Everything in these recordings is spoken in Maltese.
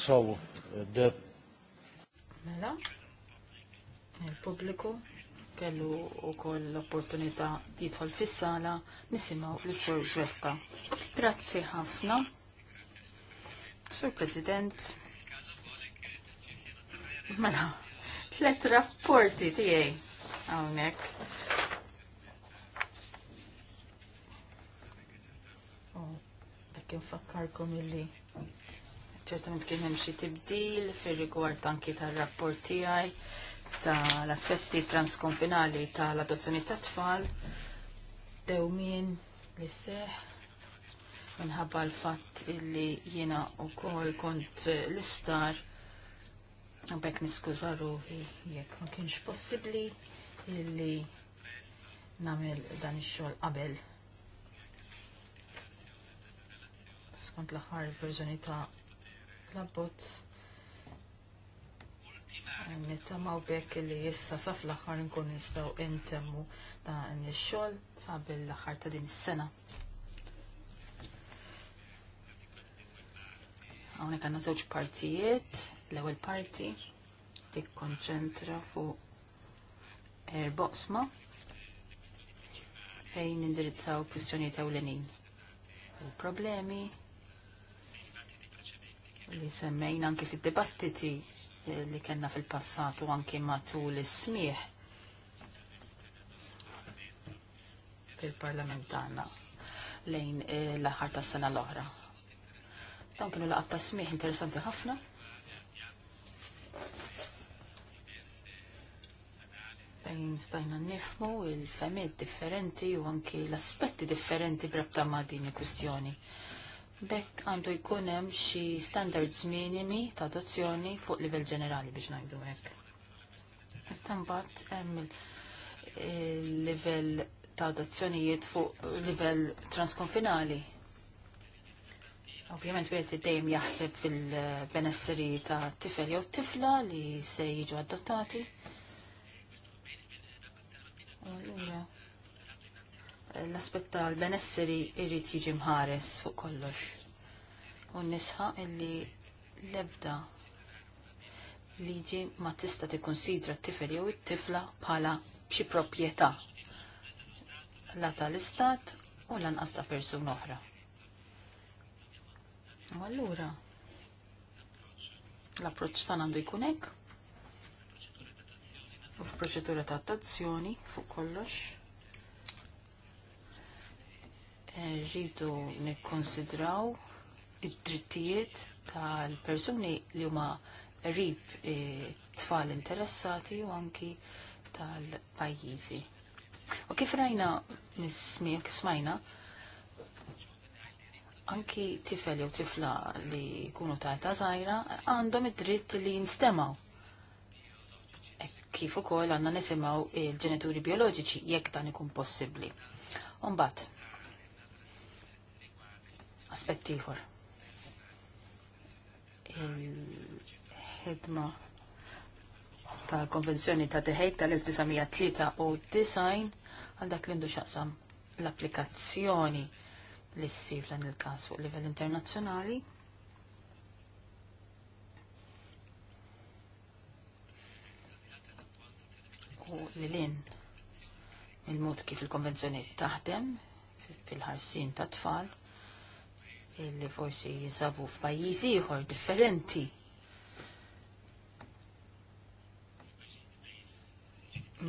So, uh, the... Mela, il-publiku kellu u koll l-opportunità jidħol fis-sala nisimaw l-Sur Zwefka. Grazzi ħafna. Sur President, mela, tlet rapporti tiegħi hawnhekk. bekk infakkarkom illi ċertament kien hemm xi tibdil fir-rigward anki tar-rapport tiegħi tal-aspetti transkonfinali tal-adozzjoni ta' tfal dewmien li seħ minħabba l-fatt illi jiena wkoll kont l-isptar Għabek niskuża ruħi jekk ma kienx possibbli illi nagħmel dan ix-xogħol qabel. Skont l-aħħar verżjoni ta' l-abbozz. u bekk li jissa saf l-axar nkun nistaw intemmu dan il-xol sabil l-axar ta' din is-sena. Għawne kanna zewġ partijiet, l-ewel parti tikkonċentra fuq erboqsma fejn indirizzaw kwistjonijiet ewlenin. Il-problemi li semmejna anki fil-dibattiti eh, li kena fil-passatu anki matul is-smieħ fil-parlament tagħna lejn eh, l-aħħar tas-sena l-oħra. Dan kienu laqgħat ta' smieħ interessanti ħafna. Fejn stajna nifmu il-femiet differenti u anki l-aspetti differenti brabta ma' din il-kwistjoni. il kwistjoni Bekk għandu jkun hemm xi standards minimi ta' adozzjoni fuq livell ġenerali biex ngħidu hekk. Issa għem hemm il-livell ta' adozzjonijiet fuq livell transkonfinali Ovvjament wieħed dejjem jaħseb fil-benesseri ta' tifel jew tifla li se jiġu adottati. Allura, l aspetta tal-benesseri irrit jiġi mħares fuq kollox. U nisħa illi lebda liġi ma tista' konsidra t-tifel jew it-tifla bħala b'xi proprjetà la tal-istat u lanqas ta' persun oħra. U allura l-approċċ tan għandu jkun hekk u f'proċedura ta' attazzjoni fuq kollox Eh, rridu nikkonsidraw id-drittijiet tal-persuni li huma rib eh, tfal interessati u anki tal-pajjiżi. U kif rajna nismijak smajna, anki tifel jew tifla li jkunu ta' ta' zaħira għandhom id-dritt li jinstemaw e kif ukoll għandna nisimgħu il-ġenituri bioloġiċi jekk dan ikun possibbli. Umbagħad, aspett ieħor. Il-ħidma tal-Konvenzjoni ta' Teħejt tal-1993 għal dak li ndu xaqsam l-applikazzjoni li ssir dan il-każ fuq livell internazzjonali. U li lin il-mod kif il-konvenzjoni taħdem fil-ħarsin ta' tfal Illi forsi jinsabu f'pajjiżi ieħor differenti.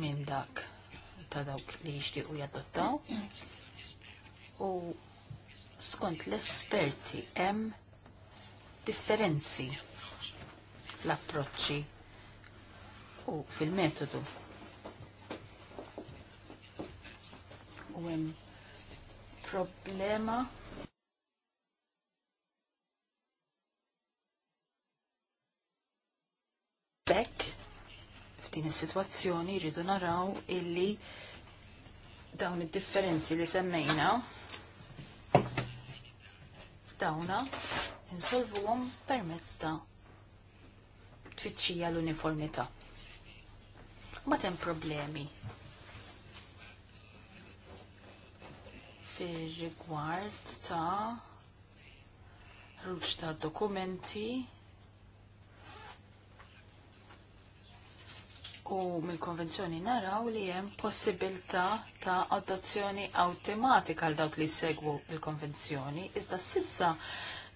minn dak ta' dawk li jixtiequ jadottaw. U skont l-esperti hemm differenzi fl-approċċi u fil-metodu. U hemm problema F'din is-sitwazzjoni jridu naraw illi dawn id-differenzi li semmejna dawna insolvuhom permezz ta' tfittxija l-uniformità. Ma tem problemi fir-rigward ta' rux ta' dokumenti u mill-konvenzjoni naraw li hemm possibilità ta' adozzjoni awtomatika għal dawk li segwu il-konvenzjoni, iżda sissa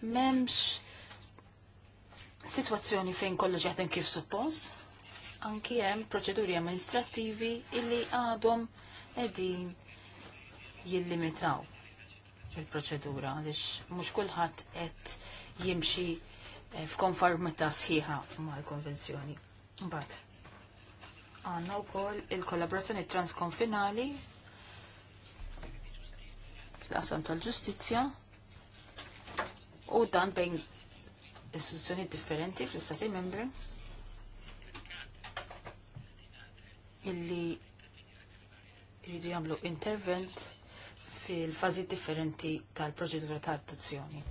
m'hemmx sitwazzjoni fejn kollox jaħdem kif suppost, anki hemm proċeduri amministrattivi illi għadhom qegħdin jillimitaw il-proċedura għaliex mhux kulħadd qed jimxi eh, f'konformità sħiħa mal-konvenzjoni. Mbagħad għanna wkoll il-kollaborazzjoni transkonfinali fil-qasam tal-ġustizzja u dan bejn istituzzjoni differenti fl-istati membri illi jridu jagħmlu intervent fil-fażi differenti tal-proċedura ta' adduzzjoni.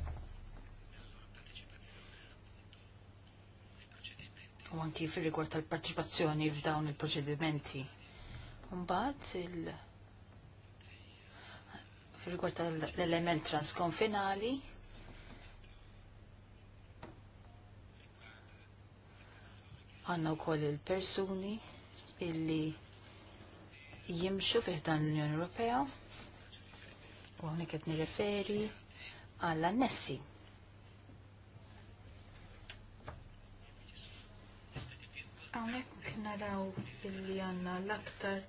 u anki fil-rigward tal parċipazzjoni f'dawn il-proċedimenti. Mbagħad il fil-rigward tal-element transkonfinali għanna wkoll il-persuni illi jimxu fiħdan l-Unjoni Ewropea u għonek qed nirreferi għall-annessi Għawnek naraw illi għanna l-aktar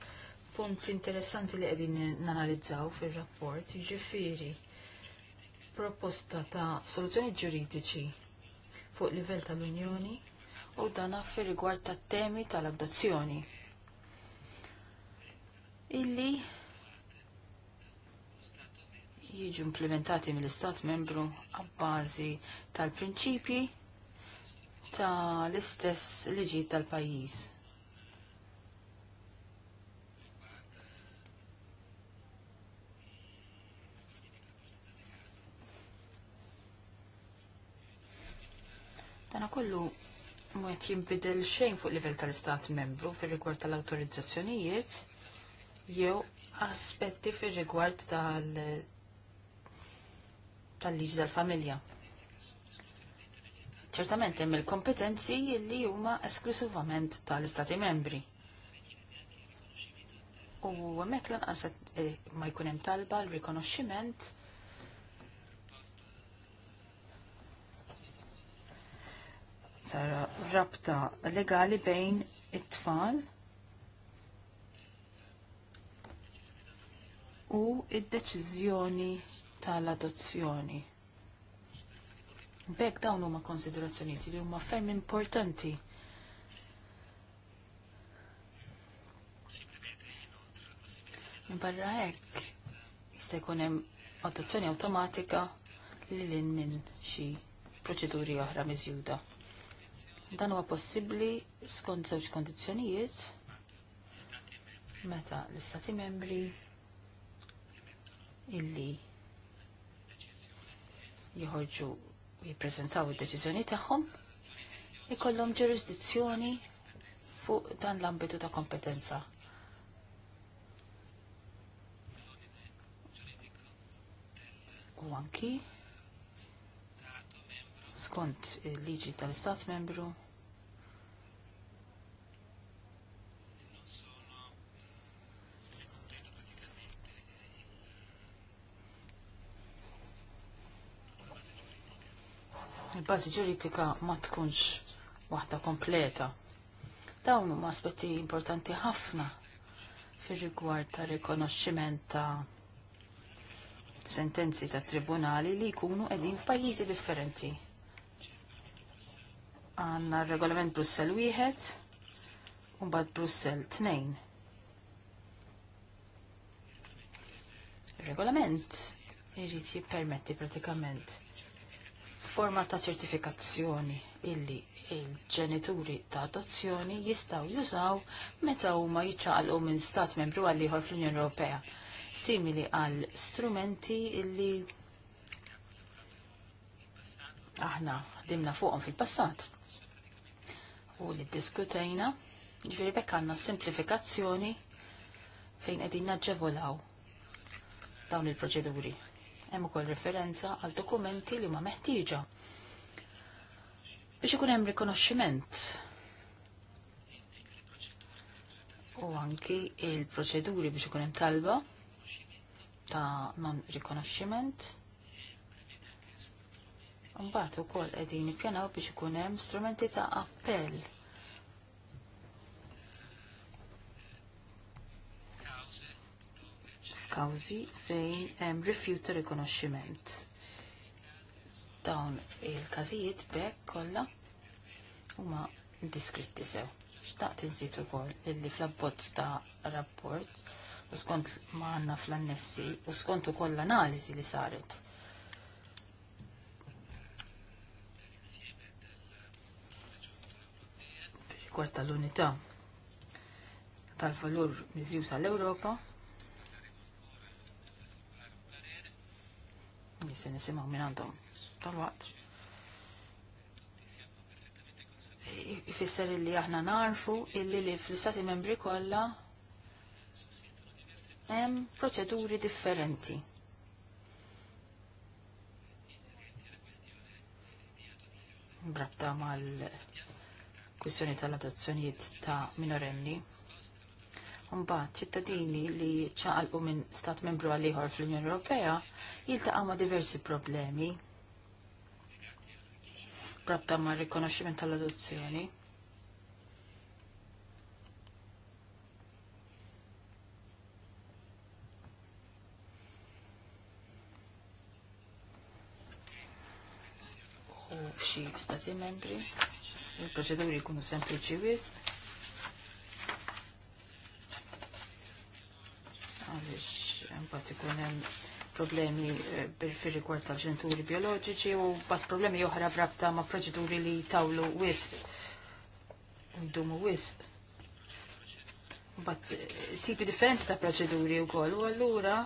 punt interessanti li għedin nanalizzaw fil-rapport, ġifiri proposta ta' soluzzjoni ġuridiċi fuq livell tal-Unjoni u dan fir rigward ta' temi tal-addazzjoni. Illi jiġu implementati mill-Istat membru għabbażi tal-prinċipji ta' l-istess liġi tal-pajjiż. Tana kollu mwet jimbidel xejn fuq livell tal-Istat membru fir rigward tal-autorizzazzjonijiet jew aspetti fir rigward tal- tal-liġi tal-familja. liġi tal familja ċertament hemm il-kompetenzi li huma esklusivament tal-Istati membri. U hemmhekk lanqas eh, ma jkun hemm talba l-rikonoxximent sara rabta legali bejn it-tfal u id-deċiżjoni tal-adozzjoni. Bek dawn huma konsiderazzjonijiet li huma ferm importanti. Minn barra hekk jista' jkun hemm adozzjoni awtomatika li lin minn xi proċeduri oħra miżjuda. Dan huwa possibbli skont żewġ kondizzjonijiet meta l-Istati membri illi jħorġu jippreżentaw id-deċiżjoni tagħhom ikollhom ġurisdizzjoni fuq dan l-ambitu ta' kompetenza. U anki skont il-liġi tal-Istat membru il-bażi ġuridika ma tkunx waħda kompleta. Dawn huma aspetti importanti ħafna fir-rigward ta' rikonoxximent ta' sentenzi ta' tribunali li jkunu qegħdin f'pajjiżi differenti. Għanna r-regolament Brussel wieħed u mbagħad Brussel tnejn. regolament irid jippermetti pratikament forma ta' ċertifikazzjoni illi il-ġenituri ta' adozzjoni jistaw jużaw meta huma jiċċaqalqu minn stat membru għal ieħor fl-Unjoni Ewropea, simili għal strumenti illi aħna ħdimna fuqhom fil-passat. U li diskutejna, ġifieri bekk għandna simplifikazzjoni fejn qegħdin naġġevolaw dawn il-proċeduri hemm ukoll referenza għal dokumenti li ma meħtieġa biex ikun hemm rikonoxximent u anki il-proċeduri biex ikun hemm talba ta' non rikonoxximent. Mbagħad ukoll qegħdin ippjanaw biex ikun hemm strumenti ta' appell kawżi fejn hemm rifjut rikonoxximent. Dawn il-każijiet bekk kollha huma diskritti sew. Xtaqt insit ukoll illi fl-abbozz ta' rapport u skont ma għandna fl-annessi u skont ukoll l-analiżi li saret. Kwarta l-unità tal-valur miżju l ewropa li se min għandhom tal-waqt. Ifisser illi aħna narfu illi li fl-istati membri kollha hemm proċeduri differenti. Brabta mal kwistjoni tal-adozzjonijiet ta' minorenni Mbagħad ċittadini li ċaqalqu minn stat membru għal ieħor fl-Unjoni Ewropea jiltaqgħu ma' diversi problemi rabta ma' rikonoxximent tal-adozzjoni. U f'xi stati membri il-proċeduri jkunu sempliċi wisq għaliex mbagħad ikun hemm problemi eh, fir-rigward tal-ġenituri bioloġiċi u bat problemi oħra brabta ma' proċeduri li tawlu wisq. Ndumu wisq. Bat eh, tipi differenti ta' proċeduri u u allura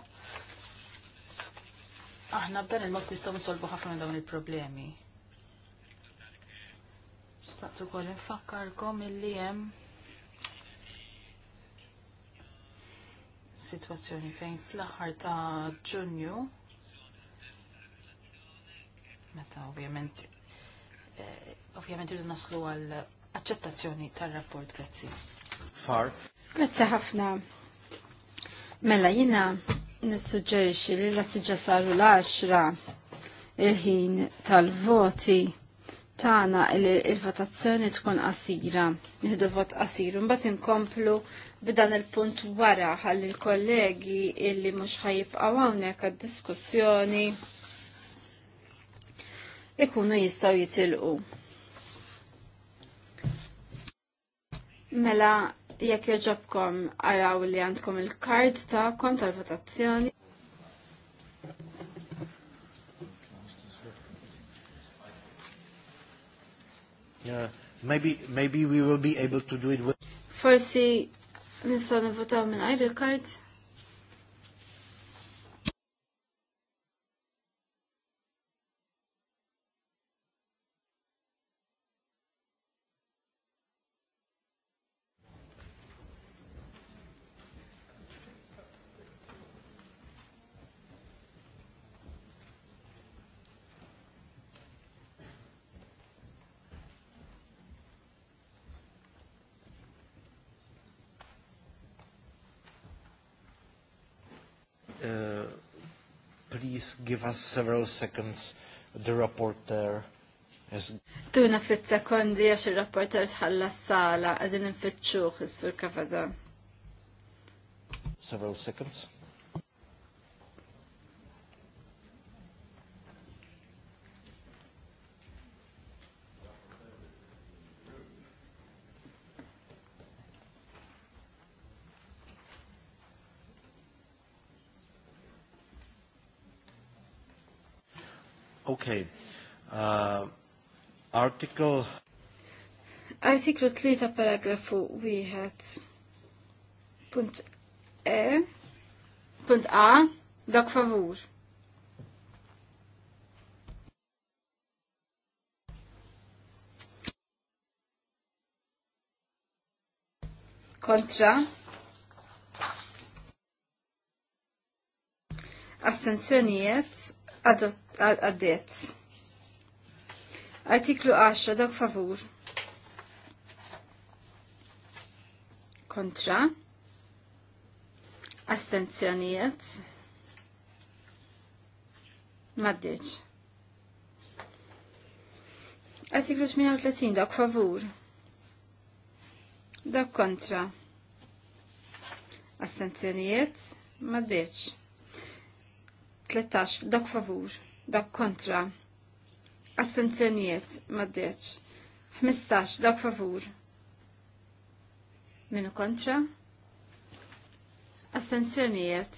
aħna b'dan il-mod nistgħu nsolvu ħafna dawn il-problemi. Saqtu kol infakkarkom illi hemm situazzjoni fejn fl-aħħar ta' Ġunju meta ovvjament eh, ovvjament irridu naslu għal aċċettazzjoni tar-rapport grazzi. Far. Grazzi ħafna. Mela jina nissuġġerixi li l-attiġa saru l-10 il-ħin tal-voti tana li il-votazzjoni tkun qasira, nieħdu vot qasir, mbagħad inkomplu b'dan il-punt wara ħalli l-kollegi illi mhux ħajibqgħu hawnhekk għad-diskussjoni ikunu jistgħu jitilqu. Mela jekk jogħġobkom araw li għandkom il-kard tagħkom tal-votazzjoni. Yeah, maybe, maybe we will be able to do it with... Forsi nistaw nivotaw minn ID card. give us several seconds. The reporter is... Tuna fit sekondi għax il-reporter tħalla s-sala għadin nfittxuħ il-sur kafada. Several seconds. Okay. Uh, article... Artiklu 3 paragrafu 1. Punt E. Punt A. Dak favur. Kontra. Astenzjonijiet għaddiet. Artiklu 10 dak favur. Kontra. Astenzjonijiet. Maddiċ. Artiklu 38 dak favur. Dak kontra. Astenzjonijiet. Maddiċ. 13 dak favur, dak kontra. Astenzjonijiet maddeċ. 15 dak favur. Minu kontra. Astenzjonijiet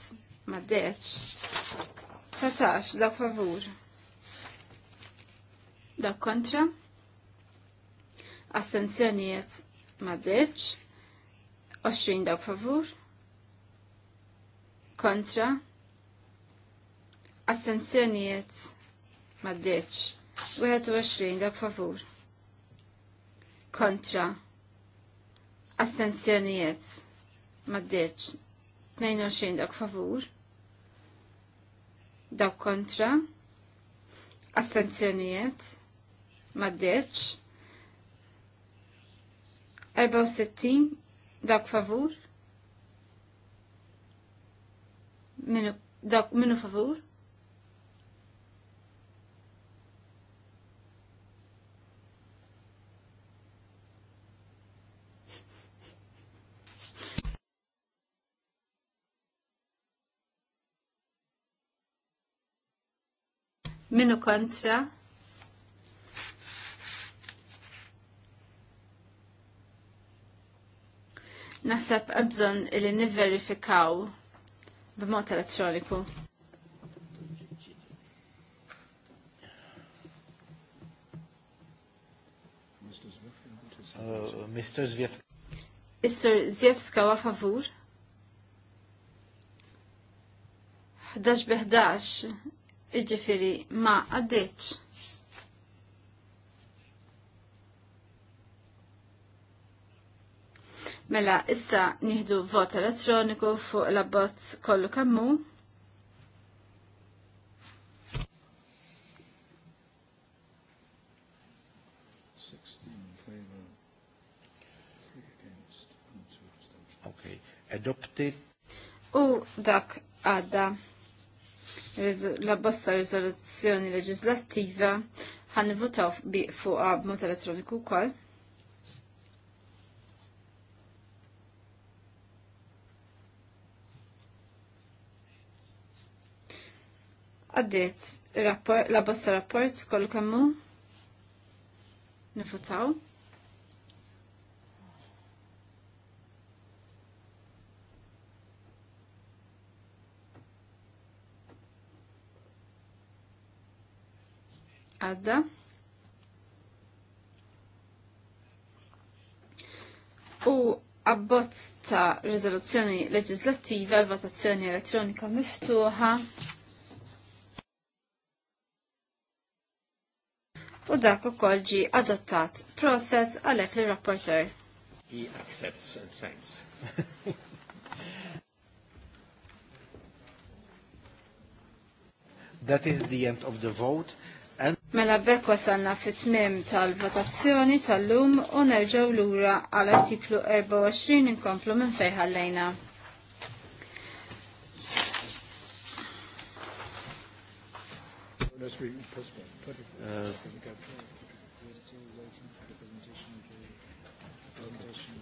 maddeċ. 13, dak favur. Dak kontra. Astenzjonijiet maddeċ. 20 dak favur. Kontra attenzjonijiet maddeċ. 21 dak favur. Kontra. Attenzjonijiet maddeċ. 22 dak favur. Dak kontra. Attenzjonijiet maddeċ. 64 dak favur. Minu, dak, minu favur? Minu kontra? Nasab Naħseb il li niverifikaw b-mot elektroniku. Uh, Mr. Zwiefka. Is-sur wa favur? 11 11 iġifiri ma għaddeċ. Mela, issa nieħdu vot elettroniku fuq l-abbozz kollu kammu. Okay, adopted. U dak għadda la bosta rizoluzzjoni leġislattiva ħan votaw fuqa b'mod elettroniku wkoll. Għaddiet la bosta rapport kollu kemmu nifutaw. għadda. U abbozz ta' riżoluzzjoni leġislattiva votazzjoni elettronika miftuħa. U dak ukoll ġi adottat process għalhekk li rapporter. He accepts and signs. That is the end of the vote. Mela bekk wasalna fit-tmim tal-votazzjoni tal-lum u nerġaw lura għal artiklu 24 inkomplu minn fejħallejna.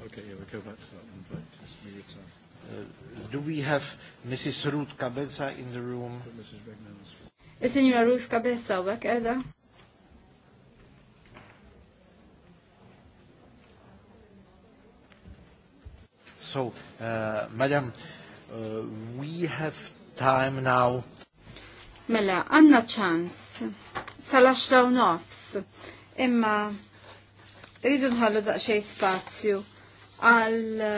Okay, uh, do we have Mrs. Ruth Cabeza in the room? Mrs. Is-Sinjura Ruska bessa u edha. So, uh, madam, uh, we have time now. Mela, għanna ċans, sal-10 nofs, imma rridu nħallu daqxej spazju għal uh,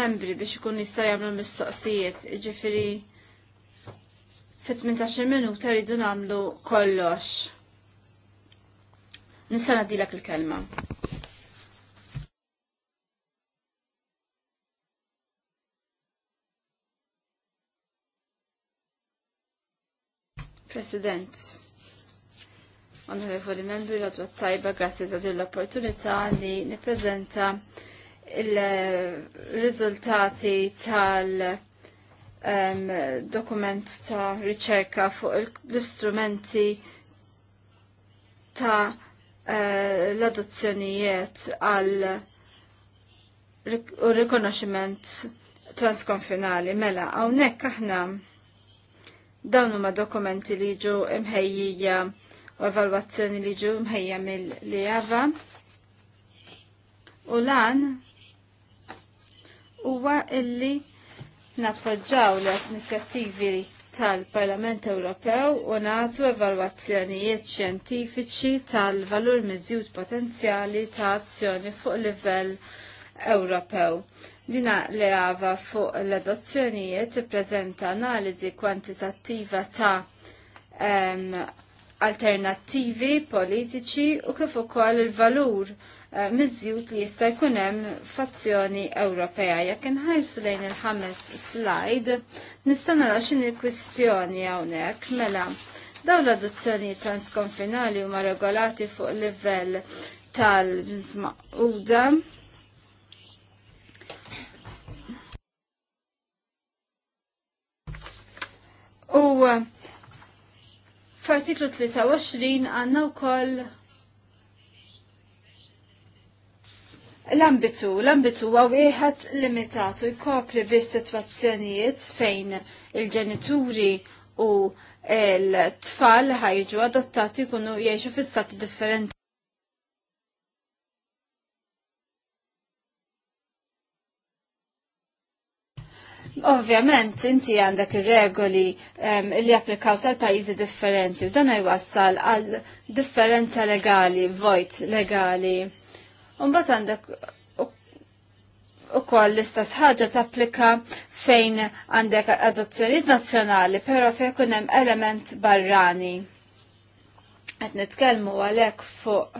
membri biex ikun jista' jagħmlu mistoqsijiet, ġifieri fit-18 minuta rridu nagħmlu kollox. Nista' nadilak il-kelma. President, onorevoli membri, l tajba, grazie ta' l-opportunità li nipprezenta il-riżultati tal- dokument ta' riċerka fuq l-istrumenti ta' eh, l-adozzjonijiet għal rikonoximent transkonfinali mela hawnhekk aħna dawn huma dokumenti li ġu mħejjija u evalwazzjoni li ġu mħejja mill-Liava. E u lan huwa illi nappoġġaw l-inizjattivi tal-Parlament Ewropew u nagħtu evalwazzjonijiet xjentifiċi tal-valur miżjud potenzjali ta' azzjoni fuq livell Ewropew. Dina li għava fuq l-adozzjonijiet prezenta analizi kwantitattiva ta' alternattivi politiċi u kif ukoll il-valur eh, miżjut li jista' jkun hemm fazzjoni Ewropea. Jekk inħajsu lejn il-ħames slide, nista' nara x'inhi l-kwistjoni hawnhekk mela dawn l-adozzjoni transkonfinali huma regolati fuq livell tal-ġisma uda. U eh, F'artiklu 23 għanna wkoll L-ambitu, l-ambitu għaw iħat limitatu jkopri bi situazzjonijiet fejn il-ġenituri u l-tfal ħajġu adottati kunu jiexu fi stati differenti. Ovvjament, inti għandek regoli um, li applikaw tal-pajizi differenti u dan jwassal għal differenza legali, vojt legali. Umbat għandek u koll l-istess ħaġa tapplika fejn għandek adozzjoniet nazzjonali, pero fejn kun hemm element barrani. Qed nitkellmu għalhekk fuq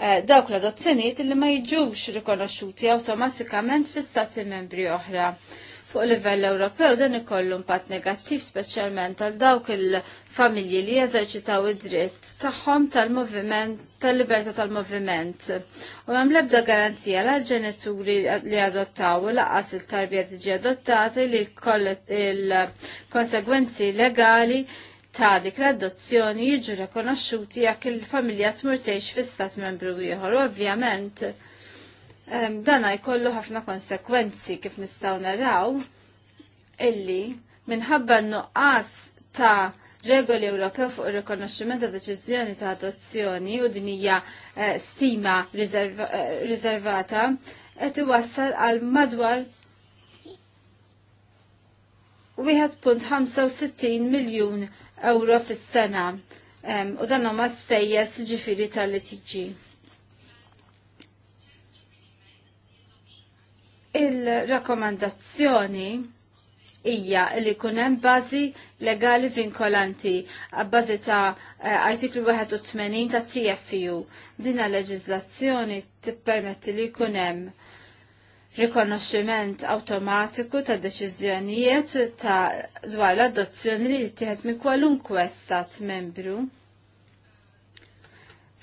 eh, dawk l-adozzjoniet li ma jiġux rikonoxxuti awtomatikament fi stati membri oħra fuq livell Ewropew dan ikollu impatt negattiv speċjalment għal dawk il-familji li jeżerċitaw id-dritt tagħhom tal-moviment tal-libertà tal-moviment. U hemm l-ebda garantija għal ġenituri li adottaw u laqas il-tarbija tiġi adottati li il-konsegwenzi legali ta' dik l-adozzjoni jiġu rekonoxxuti jekk il-familja tmurtejx fi stat membru ieħor. Ovvjament, dana jkollu ħafna konsekwenzi kif nistaw naraw illi minħabba nuqqas ta' regoli Ewropew fuq ir-rikonoxximent ta' deċiżjoni ta' adozzjoni u din hija eh, stima eh, riservata qed iwassal għal madwar 1.65 miljun euro fis-sena u dan huma spejjeż ġifieri tal-litiġi. Il-rakkomandazzjoni hija li kunem hemm bażi legali vinkolanti bbażi ta' eh, artiklu 81 ta' TFU. Dina leġiżlazzjoni tippermetti li jkun hemm rikonoxximent awtomatiku ta' deċiżjonijiet ta' dwar l-adozzjoni li t-tiħet minn kwalunkwe stat membru.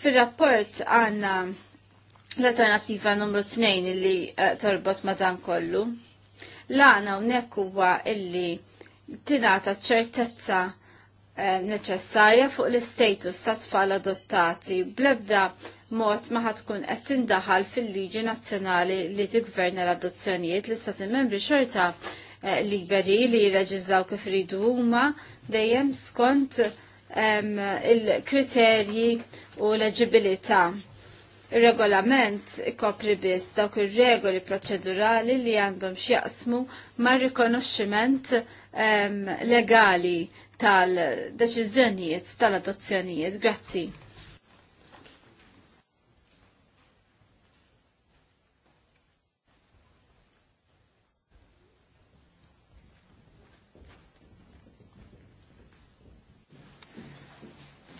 Fil-rapport għanna L-alternativa numru 2 illi eh, torbot ma dan kollu. L-għana unnek huwa illi tinata ċertezza eh, neċessarja fuq l-istatus ta' tfal adottati blebda mod ma tkun qed tindaħal fil-liġi nazzjonali li tigverna l-adozzjonijiet l-istati membri xorta eh, liberi li jirreġizzaw kif ridu huma dejjem skont ehm, il-kriterji u l-eġibilità. Il-regolament ikopri biss dawk ir-regoli proċedurali li għandhom x'jaqsmu ma' rikonoxximent legali tal-deċiżjonijiet tal-adozzjonijiet. Grazzi.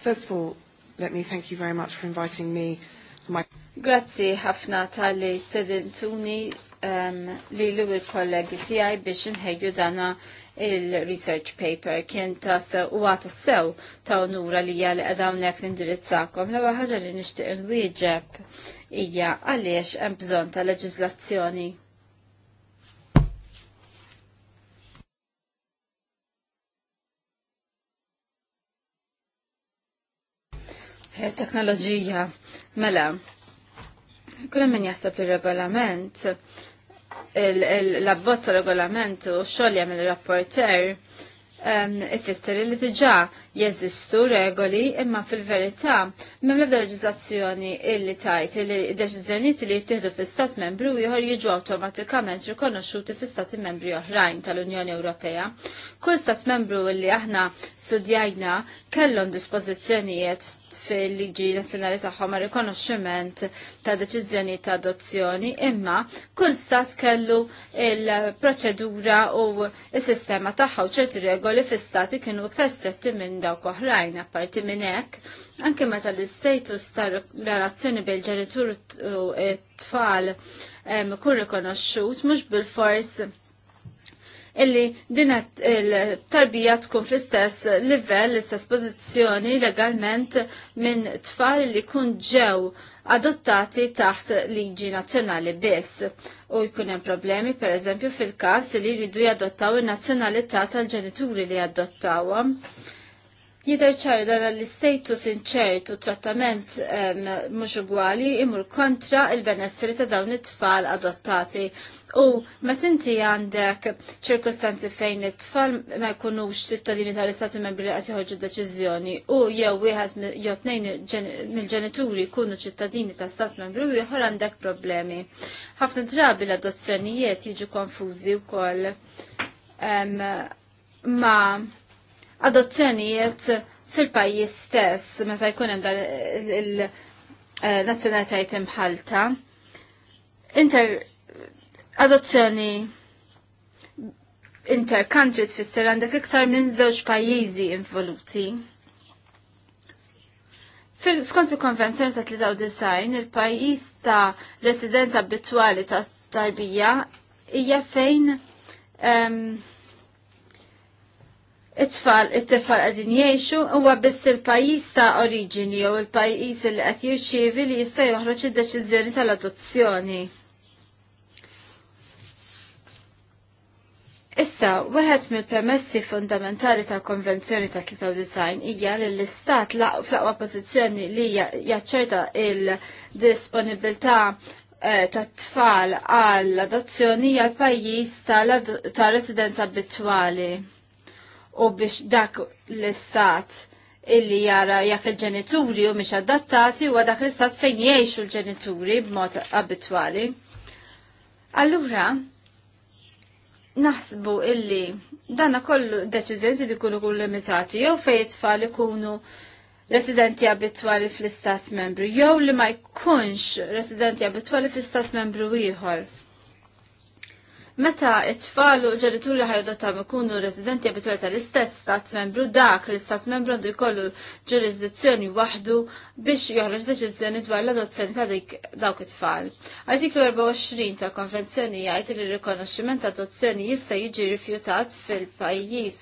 First of all, let me thank you very much for inviting me Grazzi ħafna tal-li stedentuni um, li l il-kollegi tijaj biex nħegju dana il-research paper kien tas u għata sew ta' unura li jgħal nek nindirizzakom L-għu ħaġa li nishtiq il-wieġeb ija għaliex hemm bżonn ta' leġizlazzjoni. teknoloġija mela. Kull min jaħseb li regolament l-abbozza regolamentu xogħol jagħmel rapporter ifisser li tiġa jeżistu regoli imma fil-verità minn l-ebda illi tajt li deċiżjonijiet li jittieħdu fl stat membru ieħor jiġu awtomatikament rikonoxxuti fi stati membri oħrajn tal-Unjoni Ewropea. Kull Stat membru li aħna studjajna kellhom dispożizzjonijiet fil-liġi nazzjonali tagħhom rikonoxximent ta' deċizjoni ta' adozzjoni imma kull stat kellu il-proċedura u s-sistema tagħha u ċerti regoli li fistati kienu iktar stretti minn dawk oħrajn, apparti minn hekk, anke meta l-istatus ta' relazzjoni bejn ġenitur u t-tfal kun rikonosċut, mhux bil-fors illi din il-tarbija tkun fl-istess livell, l-istess pożizzjoni legalment minn tfal li kun ġew adottati taħt liġi nazzjonali biss u jkun hemm problemi pereżempju fil-każ li jridu jadottaw in-nazzjonalità tal-ġenituri li adottawhom. Jider ċar dan l-istatus inċert u trattament mhux ugwali imur kontra il-benessri ta' dawn it-tfal adottati. U meta inti għandek ċirkostanzi fejn it-tfal ma jkunux sittadini tal-istati membri li qed joħorġu deċiżjoni u jew wieħed jotnejn mill-ġenituri jkunu ċittadini ta' istatu membri u jħor għandek problemi. Ħafna drabi l-adozzjonijiet jiġu konfużi wkoll ma' adozzjonijiet fil-pajjiż stess meta jkun hemm dan il-nazzjonalitajiet eh, imħalta. Inter adozzjoni intercountry tfisser għandek iktar minn żewġ pajjiżi involuti. Skont il-konvenzjoni ta' 93, il-pajjiż ta' residenza abitwali ta' tarbija hija fejn um, it-tfal, it-tfal għadin jiexu, huwa biss il-pajis ta' oriġini jew il-pajis li qed jirċievi li jista' joħroġ id-deċiżjoni tal-adozzjoni. Issa, wieħed mill-premessi fundamentali tal-Konvenzjoni ta' Design hija li l-Istat fl-aqwa pożizzjoni li jaċċerta il-disponibilità eh, ta' tfal għall-adozzjoni għal pajjiż tal residenza abitwali u biex dak l-istat illi jara jekk il-ġenituri u miex adattati huwa dak l-istat fejn jgħixu l-ġenituri b'mod abitwali. Allura, naħsbu illi dana kollu deċiżjoni li jkunu kull limitati jew fejn it-tfal ikunu residenti abitwali fl-istat membru jew li ma jkunx residenti abitwali fl-istat membru ieħor. Meta it-tfal u ġenituri ta' ikunu residenti abitwali tal-istess stat membru, dak l-istat membru għandu jkollu ġurisdizzjoni waħdu biex joħroġ deċiżjoni dwar l-adozzjoni ta' dik dawk it-tfal. Artiklu 24 tal-Konvenzjoni jgħid li r-rikonoxximent ta' adozzjoni jista' jiġi rifjutat fil-pajjiż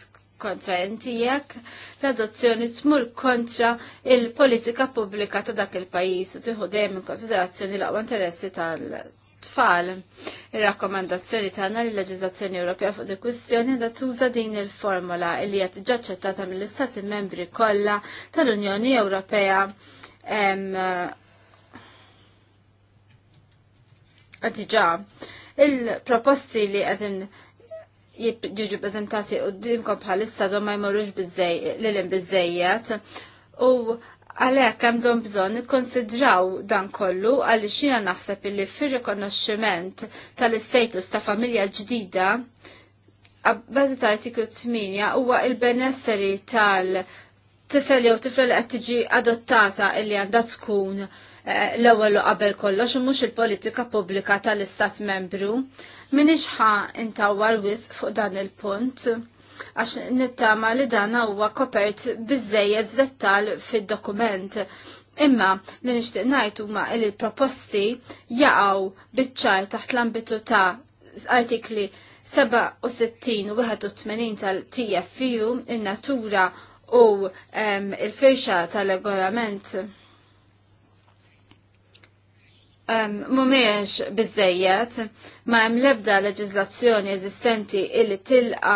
kontra jekk l-adozzjoni tmur kontra il-politika pubblika ta' dak il-pajis u tieħu dejjem in konsiderazzjoni l-aqwa interessi tal tfal. Ir-rakkomandazzjoni tagħna li l-leġiżlazzjoni Ewropea fuq dik kwistjoni da tuża din il-formola li qed ġaċċettata mill-Istati membri kollha tal-Unjoni Ewropea eh, Diġà, il-proposti li qegħdin jiġu prezentati u d-dimkom bħalissa do ma jmorux bizzej, l-ilim u għalhekk don bżonn ikkonsidraw dan kollu għaliex jiena naħseb illi fir-rikonoxximent tal-istatus ta' familja ġdida ta' tal-artiklu 8 huwa il-benesseri tal-tifel jew tifel li qed tiġi adottata illi għandha tkun eh, l-ewwel qabel kollox mhux il-politika pubblika tal-Istat Membru. Minix ħa intawwar wisq fuq dan il-punt għax nittama li dan huwa kopert biżejjed dettal fid-dokument. Imma li nixtieq ngħid huma li l-proposti jaqgħu biċ-ċar taħt l-ambitu ta' artikli 67 u 81 tal-TFU in-natura u il-firxa tal-regolament Um, mumiex bizzejiet, ma' hemm lebda leġizlazzjoni eżistenti illi tilqa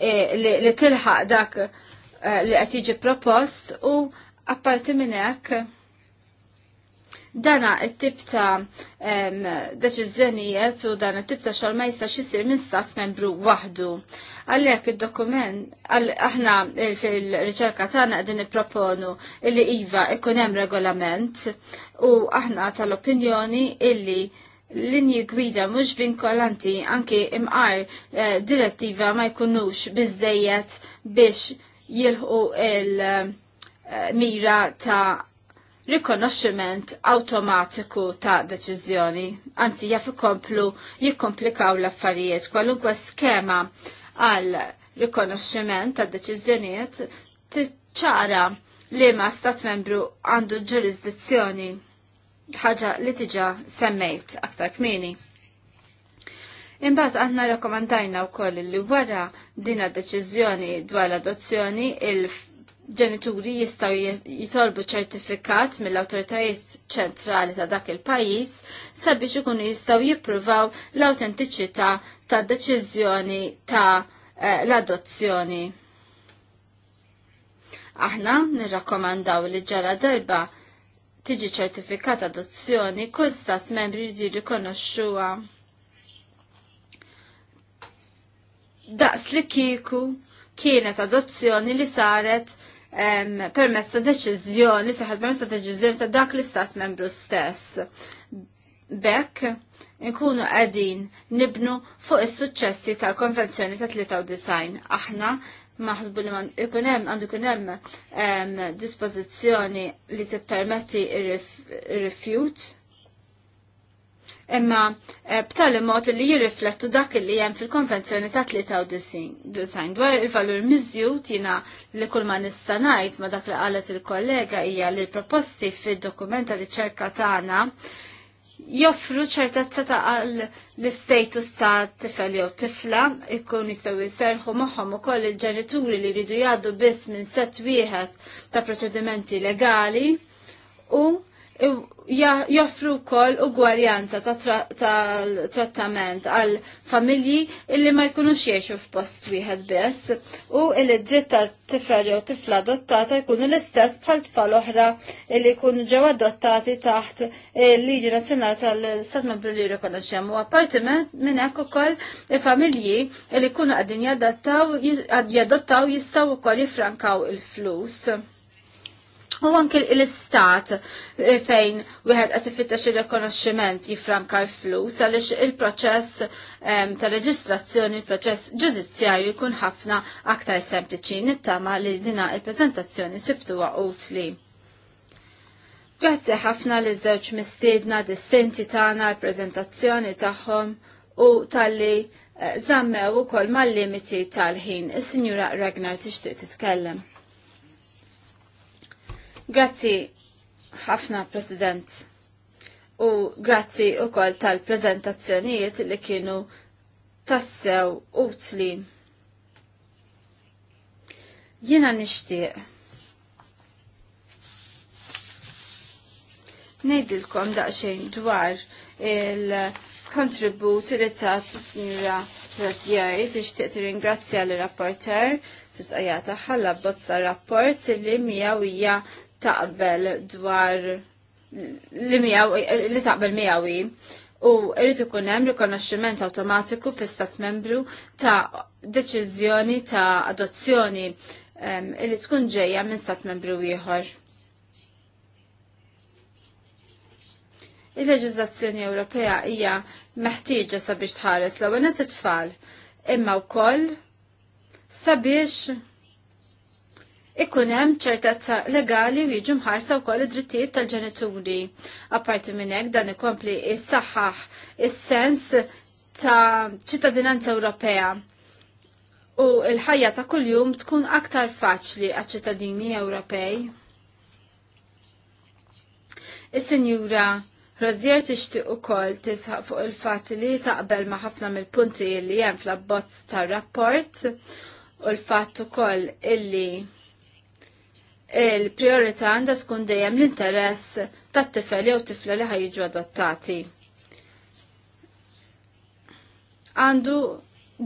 Eh, li tilħaq dak eh, li qed jiġi propost u apparti minn hekk dana it-tip ta' deċiżjonijiet u dan it-tip ta' xogħol ma jistax isir minn stat membru waħdu. Għalhekk id-dokument aħna fil-riċerka tagħna qegħdin nipproponu li iva ikun hemm regolament u aħna tal-opinjoni illi linji gwida mhux vinkolanti anki imqar eh, direttiva ma jkunux bizzejet biex jilħu il-mira eh, ta' rikonoxximent automatiku ta' deċiżjoni. Anzi, jaf ikomplu jikkomplikaw l-affarijiet. Kwalunkwe skema għal rikonoxximent ta' deċiżjonijiet tiċċara li ma' stat membru għandu ġurisdizzjoni ħaġa li tiġa semmejt aktar kmini. Imbagħad aħna rakkomandajna wkoll li wara din deċiżjoni dwar l-adozzjoni il-ġenituri jistgħu jisolbu ċertifikat mill-awtoritajiet ċentrali ta' dak il-pajjiż sabiex ikunu jistgħu jippruvaw l-awtentiċità ta' deċiżjoni ta' eh, l-adozzjoni. Aħna nirrakkomandaw li ġala darba tiġi ċertifikata adozzjoni, kull stat membri jiġi rikonoxxuha. daqs li kieku kienet adozzjoni li saret permess ta' deċiżjoni, li saħed permess deċiżjoni ta' dak l-istat membru stess. Bekk, nkunu għedin nibnu fuq is suċċessi tal-Konvenzjoni ta' 93. Aħna maħsbu li ikun hemm għandu ikun dispozizjoni dispożizzjoni li tippermetti ir-rifjut. Imma eh, b'tali mod li jirriflettu dak li hemm fil-konvenzjoni ta' 93 dwar il-valur mizjut jiena li kull ma nista' ngħid ma dak li qalet il-kollega hija li l-proposti fid-dokumenta riċerka tagħna ta joffru ċertezza ta' l-status ta' tifel jew tifla ikun jistgħu jserħu magħhom ukoll il-ġenituri li jridu jgħaddu biss minn set wieħed ta' proċedimenti legali u joffru kol ugwaljanza ta' trattament għal familji illi ma jkunux jiexu f'post wieħed biss u illi dritt ta' tifel jew tifla adottata jkunu l-istess bħal tfal oħra illi jkunu ġew adottati taħt il-Liġi Nazzjonali tal-Istat Membru li jirrikonoxxem u apparti minn hekk ukoll il-familji illi jkunu qegħdin jadottaw jistgħu wkoll jifrankaw il-flus u anke l-istat eh, fejn wieħed qed ifittex ir-rikonoxximent jifranka l-flus għaliex il-proċess ehm, ta' reġistrazzjoni il-proċess ġudizzjarju jkun ħafna aktar sempliċi nittama li dina il-preżentazzjoni sibtuha utli. Grazzi ħafna li żewġ mistiedna distinti tagħna l-preżentazzjoni tagħhom u tal-li eh, zammew ukoll mal-limiti tal-ħin. Is-Sinjura Ragnar tixtieq titkellem. Grazzi ħafna, President. U grazzi u koll tal-prezentazzjonijiet li kienu tassew utli. Jina nishtiq. Nejdilkom daqxejn dwar il-kontribut li s t-snira Razjari, tixtieq ringrazzja l rapporter fis-qajja tagħha l rapport li miegħu hija taqbel dwar li, taqbel miawi u irrid ikun hemm rikonoxximent awtomatiku fl-istat membru ta' deċiżjoni ta' adozzjoni li tkun ġejja minn stat membru ieħor. Il-leġiżlazzjoni Ewropea hija meħtieġa sabiex tħares l-ewwel it-tfal imma wkoll sabiex ikun hemm ċertezza legali u jiġu mħarsa wkoll id-drittijiet tal-ġenituri. Apparti minn hekk dan ikompli jsaħħaħ is-sens ta' ċittadinanza Ewropea u l-ħajja ta' kuljum tkun aktar faċli għaċ-ċittadini Ewropej. Is-Sinjura Rozier tixtieq ukoll tisħaq fuq il-fatt li taqbel ma' ħafna mill-punti li hemm fl-abbozz tar-rapport u l-fatt ukoll illi il-priorità għandha tkun dejjem l-interess tat-tifel jew tifla li ħajġu adottati. Għandu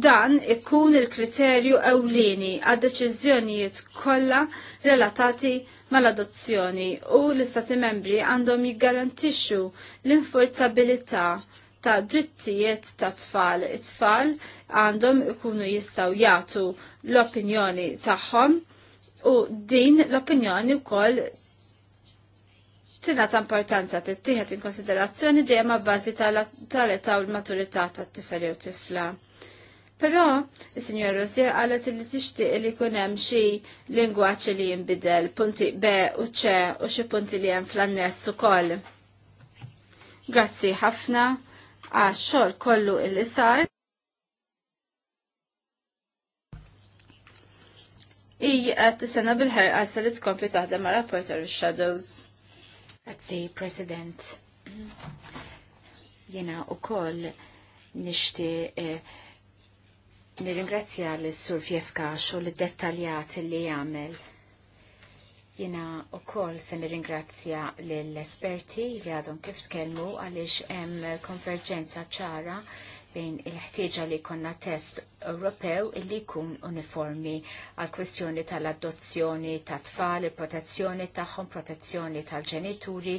dan ikun il-kriterju ewlieni għad deċiżjonijiet kollha relatati mal-adozzjoni u l-Istati membri għandhom jiggarantixxu l-infurzabilità ta' drittijiet ta' tfal. It-tfal għandhom ikunu jistaw jagħtu l-opinjoni tagħhom U din l-opinjoni wkoll tingħata importanza tittieħed in konsiderazzjoni dejjem ma' bazi tal-età u l-maturità tat-tifel jew tifla. Però, il-Signor Rosier qalet li tixtieq li jkun hemm xi lingwaġġ li jinbidel, punti B u C u xi punti li hemm fl-anness ukoll. Grazzi ħafna għax xogħol kollu il-isar. t-sena bil-ħerqa sa li tkompli taħdem ma' rapporter shadows Grazzi, President. Jena u koll nishti eh, nirringrazzja l-Sur Fjefka xo l-dettaljat li jgħamil Jena u koll se nirringrazzja l-esperti li għadhom kif tkellmu għaliex hemm konverġenza ċara bejn il-ħtieġa li konna test Ewropew illi jkun uniformi għal kwestjoni tal-adozzjoni ta' tfal, il-protezzjoni tagħhom, protezzjoni tal-ġenituri,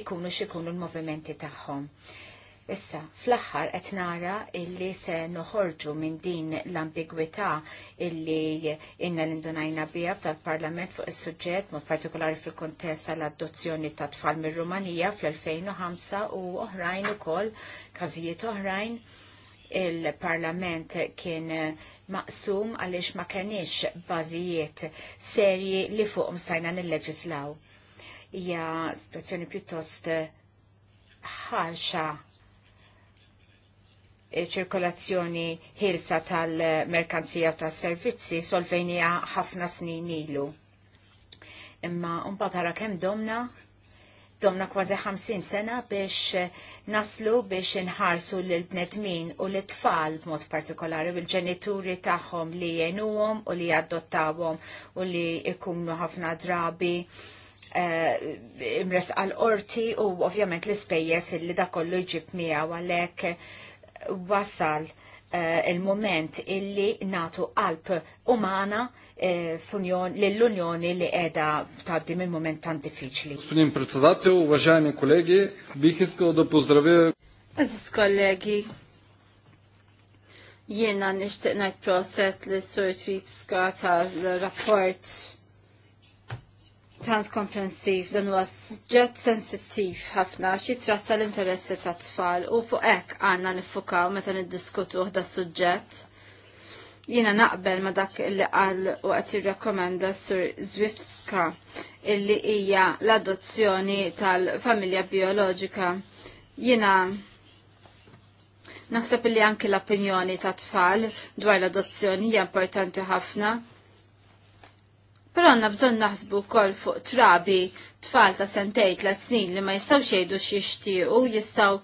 ikunu xikunu l-movimenti tagħhom. Issa, fl-axħar qed nara illi se noħorġu minn din l-ambigwità illi inna l-indunajna bija tal-Parlament fuq is-suġġett, mod partikolari fil-kontest tal-adozzjoni ta' tfal mir-Rumanija fl-2005 u oħrajn ukoll, każijiet oħrajn il-parlament kien maqsum għaliex ma kenix bażijiet serji li fuqhom stajna nilleġislaw. Hija situazzjoni pjuttost ħaxa ċirkolazzjoni ħilsa tal-merkanzija u tas-servizzi solvejnija ħafna snin ilu. Imma un ara kemm domna domna kważi 50 sena biex eh, naslu biex inħarsu l-bnedmin u l-tfal b'mod partikolari u l-ġenituri tagħhom li jenuhom u li jadottawhom u li ikunu ħafna drabi uh, imres għal-orti u ovvjament l-ispejjeż li da kollu jġib miegħu għalhekk eh, wasal uh, il-moment illi natu qalb umana Eh, l-Unjoni li qiegħda tgħaddi minn moment tant diffiċli. Господин председател, уважаеми колеги, бих искал да поздравя kollegi, jiena nishtiq ngħid proset li sur Twitska tal-rapport transkomprensiv dan huwa ġett sensittiv ħafna xi tratta l-interessi tat-tfal u fuq hekk għandna nifukaw meta niddiskutu ħda suġġett Jiena naqbel ma dak li qal u qed jirrakkomanda sur Zwiftska illi hija l-adozzjoni tal-familja bioloġika. Jiena naħseb illi anki l-opinjoni ta' tfal dwar l-adozzjoni hija importanti ħafna Pero għanna bżon naħsbu kol fuq trabi tfal ta' sentej tlet snin li ma jistaw xejdu xiexti u jistaw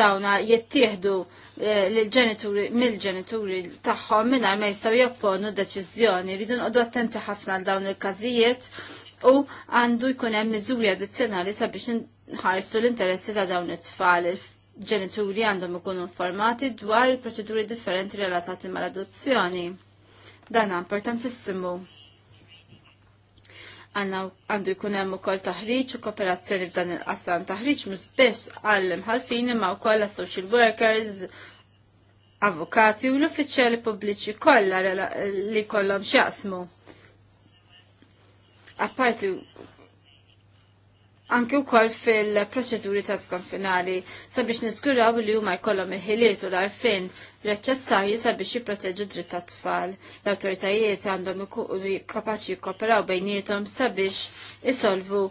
dawna jittieħdu eh, l-ġenituri mill-ġenituri tagħhom mingħajr ma jistaw jopponu deċiżjoni li dun attenti ħafna għal dawn il-każijiet u għandu jkun hemm miżuri addizzjonali sabiex nħarsu l-interessi ta' dawn it-tfal il-ġenituri għandhom ikunu informati dwar il-proċeduri differenti relatati mal-adozzjoni. Dan importantissimu għandu jkun hemm ukoll taħriġ u kooperazzjoni f'dan il-qasam taħriġ mhux biss għall imħalfin imma wkoll social workers, avukati u l-uffiċjali pubbliċi kollha li kollhom x'jaqsmu. Apparti anki wkoll fil-proċeduri ta' skonfinali sabiex niskuraw li huma jkollhom il-ħiliet u l-arfin reċessarji sabiex jipproteġu dritt ta' tfal L-awtoritajiet għandhom kapaċi jikkoperaw bejniethom sabiex isolvu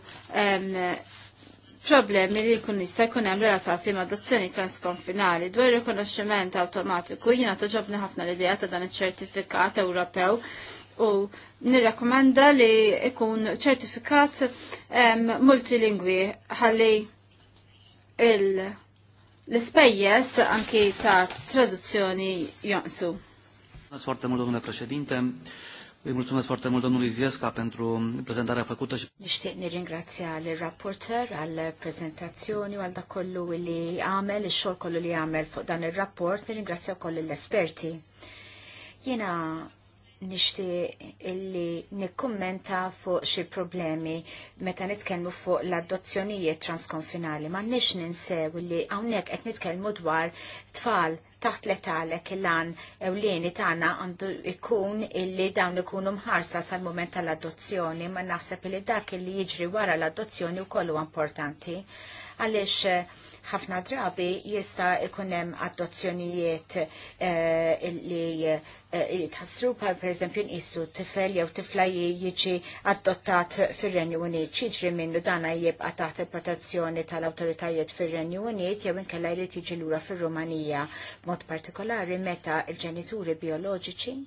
problemi li jkun jista' jkun hemm relatati ma' adozzjoni transkonfinali dwar rikonoxximent awtomatiku jiena toġobni ħafna l-idea ta' dan iċ-ċertifikat Ewropew u nirrakkomanda li ikun ċertifikat multilingwi ħalli l spejjes anki ta' traduzzjoni jonsu. Sforta mul-domna preċedinte, Îi mulțumesc foarte mult domnului Viesca pentru prezentarea făcută și... Nishtiq nirringrazzja l-rapporter għal prezentazzjoni u għal da kollu li għamel, il-xol kollu li għamel fuq dan il-rapport, nirringrazzja kollu l-esperti. Jena nishti illi nikkummenta fuq xi problemi meta nitkellmu fuq l-adozzjonijiet transkonfinali. Ma nix ninsew li hawnhekk qed nitkellmu dwar tfal taħt letalek il-lan ewlieni tagħna għandu ikun illi dawn ikunu mħarsa sal-moment tal-adozzjoni, ma naħseb li dak illi jiġri wara l-adozzjoni wkoll huwa importanti. Għaliex eh, ħafna drabi jista jkun hemm adozzjonijiet eh, li eh, jitħassru par per eżempju nqisu tifel jew tifla jiġi adottat fir-Renju Unit, ċiġri minnu dana jibqa' taħt il-protezzjoni tal-awtoritajiet fir-Renju Unit jew inkella jrid jiġi lura fir-Rumanija, mod partikolari meta l-ġenituri bioloġiċi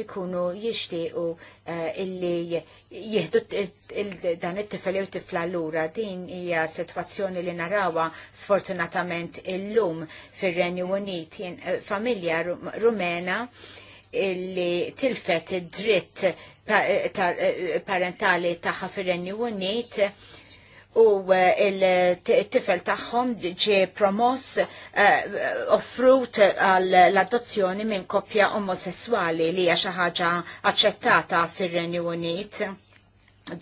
ikunu jishtiqu eh, illi jieħdu dan it-tifel jew tifla lura din hija sitwazzjoni li narawa sfortunatament illum fir-Renju Unit eh, familja rumena illi tilfet id-dritt eh, parentali tagħha fir-Renju Unit u eh, il-tifel tagħhom ġie promoss eh, offrut għall-adozzjoni minn koppja omosessuali li hija xi ħaġa aċċettata fir-Renju Unit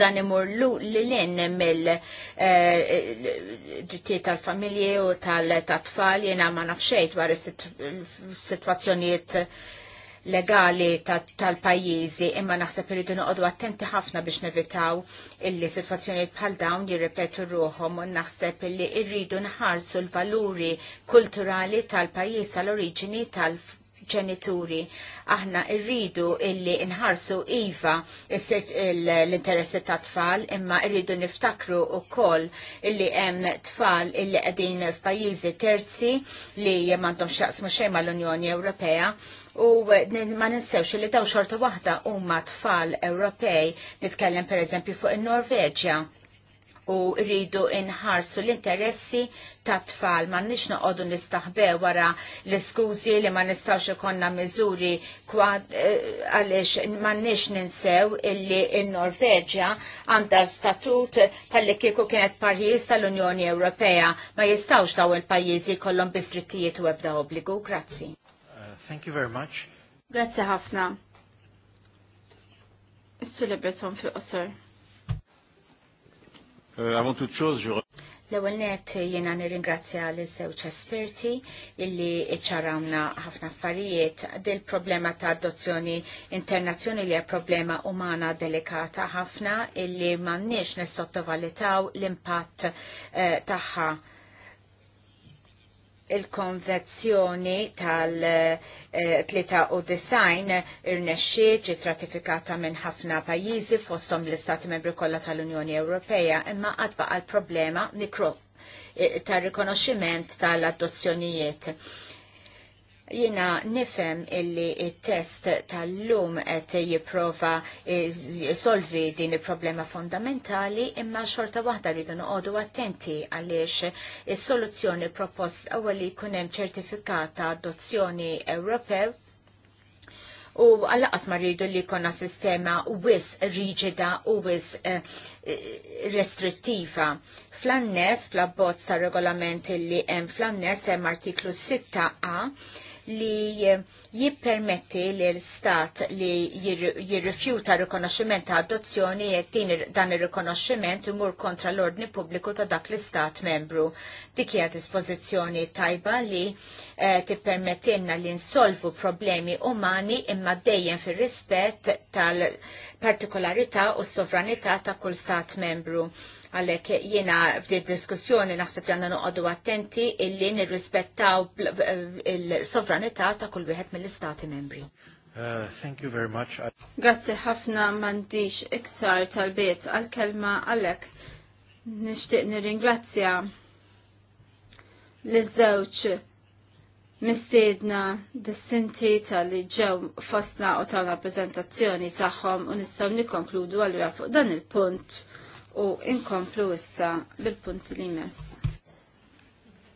dan imur li l-in mill-ġittie eh, tal-familji u tal-tatfall jena ma nafxejt war situazzjonijiet legali tal-pajjiżi imma naħseb irridu noqogħdu attenti ħafna biex nevitaw illi sitwazzjonijiet bħal dawn jirrepetu ruhom u naħseb illi rridu nħarsu l-valuri kulturali tal-pajjiż tal-oriġini tal ġenituri. Aħna rridu illi nħarsu iva l-interessi ta' tfal, imma rridu niftakru u kol illi hemm tfal illi qegħdin f'pajjiżi terzi li m'għandhom xaqsmu xejn mal-Unjoni Ewropea U ma ninsewx li daw xorta waħda huma tfal Ewropej nitkellem pereżempju fuq in-Norveġja u rridu inħarsu l-interessi ta' tfal. Ma' nix noqodu nistaħbe wara l-skużi li ma' nistawx ikonna miżuri eh, għalix ma' nix ninsew illi in-Norveġja għandha statut tal-li kieku kienet parjiz tal-Unjoni Ewropea. Ma' jistawx daw il-pajjiżi kollom bizrittijiet u ebda obbligu. Grazzi. Uh, thank you very much. Grazzi ħafna. is fil-qosor. Eh, avant toute chose, je... l ewwel net jiena nirringrazzja l-żewġ esperti illi ċċarawna ħafna affarijiet del problema ta' adozzjoni internazzjoni li problema umana delikata ħafna illi mannix nessottovalitaw l-impatt eh, tagħha il-konvenzjoni tal-93 irnexxiet ġiet ratifikata minn ħafna pajjiżi fosthom l-Istati Membri kollha tal-Unjoni Ewropea, imma qatt baqa' l-problema mikro eh, tar rikonoxximent tal-adozzjonijiet jina nifem illi il-test tal-lum et jiprofa solvi din il-problema fondamentali imma xorta wahda rridu noqodu attenti għaliex il-soluzzjoni propost għalli kunem ċertifikata adozzjoni Ewropew u għallaqas ma rridu li konna sistema wis rigida u wis eh, restrittiva. Fl-annes, fl-abbozz ta' regolament li hemm fl-annes hemm artiklu 6a li jippermetti li l-stat li jirrifjuta rikonoxximent ta' adozzjoni jekk din dan ir-rikonoxximent imur kontra l-ordni pubbliku ta' dak l-istat membru. Dik hija dispożizzjoni tajba li eh, tippermettilna li nsolvu problemi umani imma dejjem fir-rispett tal-partikolarità u s-sovranità ta' kull stat membru Għalek jena f'din diskussjoni naħseb li għanna noqogħdu attenti illi nirrispettaw il-sovranità ta' kull wieħed mill-istati membri. Uh, thank you very much. Grazzi ħafna m'għandix iktar tal-biet għal-kelma għalek. Nishtiq nirringrazzja l-żewġ mistiedna distinti tal-li ġew fosna u tal-rappresentazzjoni tagħhom u nistgħu nikkonkludu allura fuq dan il-punt u inkomplu issa bil punti li mess.